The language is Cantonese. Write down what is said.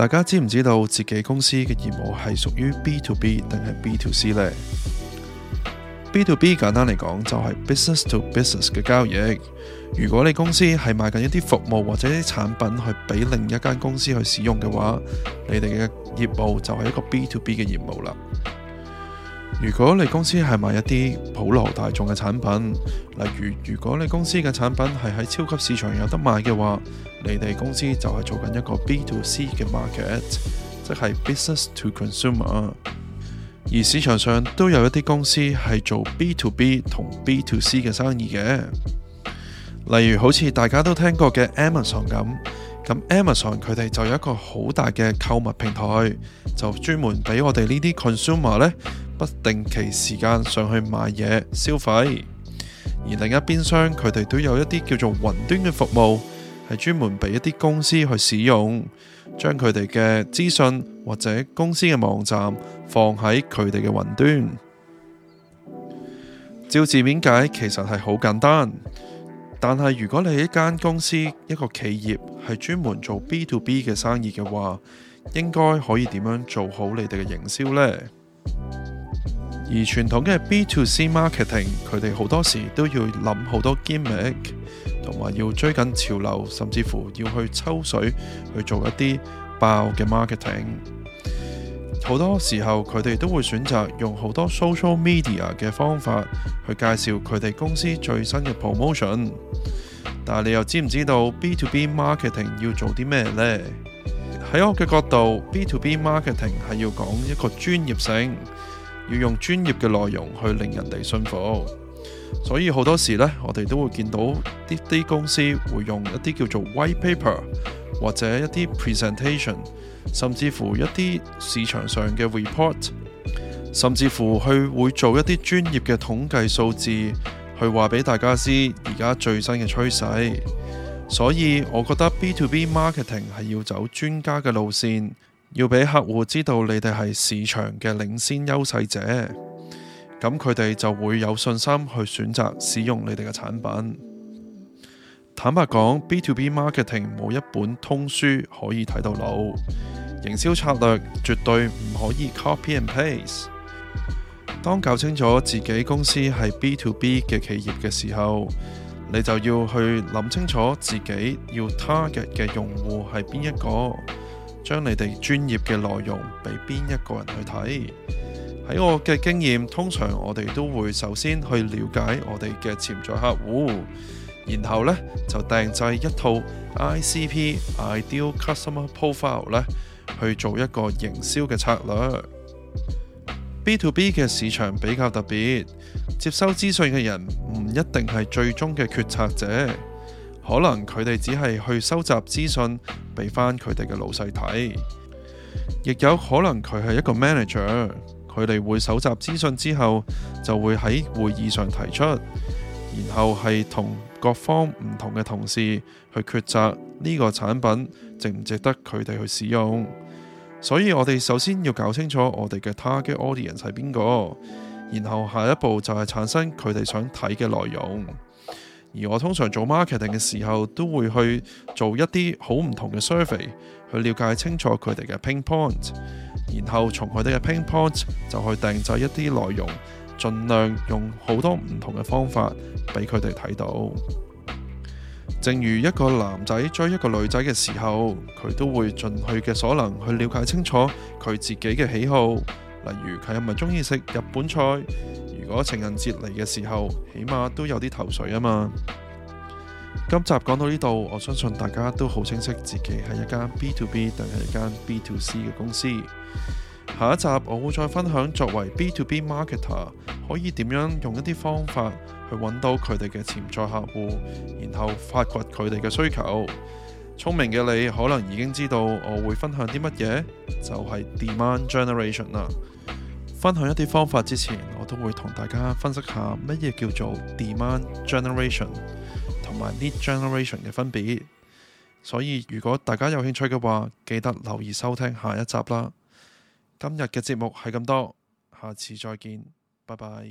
大家知唔知道自己公司嘅業務係屬於 B to B 定係 B to C 呢？B to B 簡單嚟講就係 business to business 嘅交易。如果你公司係賣緊一啲服務或者一啲產品去俾另一間公司去使用嘅話，你哋嘅業務就係一個 B to B 嘅業務啦。如果你公司係賣一啲普羅大眾嘅產品，例如如果你公司嘅產品係喺超級市場有得賣嘅話，你哋公司就係做緊一個 B2C 嘅 market，即係 business to consumer。而市場上都有一啲公司係做 B2B 同 B2C 嘅生意嘅，例如好似大家都聽過嘅 Amazon 咁。咁 Amazon 佢哋就有一個好大嘅購物平台，就專門俾我哋呢啲 consumer 咧，不定期時間上去買嘢消費。而另一邊廂，佢哋都有一啲叫做雲端嘅服務，係專門俾一啲公司去使用，將佢哋嘅資訊或者公司嘅網站放喺佢哋嘅雲端。照字面解，其實係好簡單。但係如果你係一間公司、一個企業，係專門做 B to B 嘅生意嘅話，應該可以點樣做好你哋嘅營銷呢？而傳統嘅 B to C marketing，佢哋好多時都要諗好多 gimmick，同埋要追緊潮流，甚至乎要去抽水去做一啲爆嘅 marketing。好多時候，佢哋都會選擇用好多 social media 嘅方法去介紹佢哋公司最新嘅 promotion。但你又知唔知道 B to B marketing 要做啲咩呢？喺我嘅角度，B to B marketing 係要講一個專業性，要用專業嘅內容去令人哋信服。所以好多時咧，我哋都會見到啲啲公司會用一啲叫做 white paper 或者一啲 presentation，甚至乎一啲市場上嘅 report，甚至乎佢會做一啲專業嘅統計數字去話俾大家知而家最新嘅趨勢。所以我覺得 B to B marketing 係要走專家嘅路線，要俾客戶知道你哋係市場嘅領先優勢者。咁佢哋就會有信心去選擇使用你哋嘅產品。坦白講，B to B marketing 冇一本通書可以睇到老。營銷策略絕對唔可以 copy and paste。當搞清楚自己公司係 B to B 嘅企業嘅時候，你就要去諗清楚自己要 target 嘅用戶係邊一個，將你哋專業嘅內容俾邊一個人去睇。喺我嘅經驗，通常我哋都會首先去了解我哋嘅潛在客戶，然後呢就訂製一套 ICP Ideal Customer Profile 呢去做一個營銷嘅策略。B to B 嘅市場比較特別，接收資訊嘅人唔一定係最終嘅決策者，可能佢哋只係去收集資訊俾返佢哋嘅老細睇，亦有可能佢係一個 manager。佢哋會搜集資訊之後，就會喺會議上提出，然後係同各方唔同嘅同事去抉擇呢個產品值唔值得佢哋去使用。所以，我哋首先要搞清楚我哋嘅 target audience 係邊個，然後下一步就係產生佢哋想睇嘅內容。而我通常做 marketing 嘅時候，都會去做一啲好唔同嘅 survey 去了解清楚佢哋嘅 pain point。然後從佢哋嘅 pain points 就去訂製一啲內容，盡量用好多唔同嘅方法俾佢哋睇到。正如一個男仔追一個女仔嘅時候，佢都會盡佢嘅所能去了解清楚佢自己嘅喜好，例如佢係咪中意食日本菜？如果情人節嚟嘅時候，起碼都有啲頭緒啊嘛。今集講到呢度，我相信大家都好清晰自己係一間 B to B 定係一間 B to C 嘅公司。下一集我會再分享作為 B to B marketer 可以點樣用一啲方法去揾到佢哋嘅潛在客戶，然後發掘佢哋嘅需求。聰明嘅你可能已經知道我會分享啲乜嘢，就係 demand generation 啦。分享一啲方法之前，我都會同大家分析下乜嘢叫做 demand generation。埋 lead generation 嘅分別。所以如果大家有興趣嘅話，記得留意收聽下一集啦。今日嘅節目係咁多，下次再見，拜拜。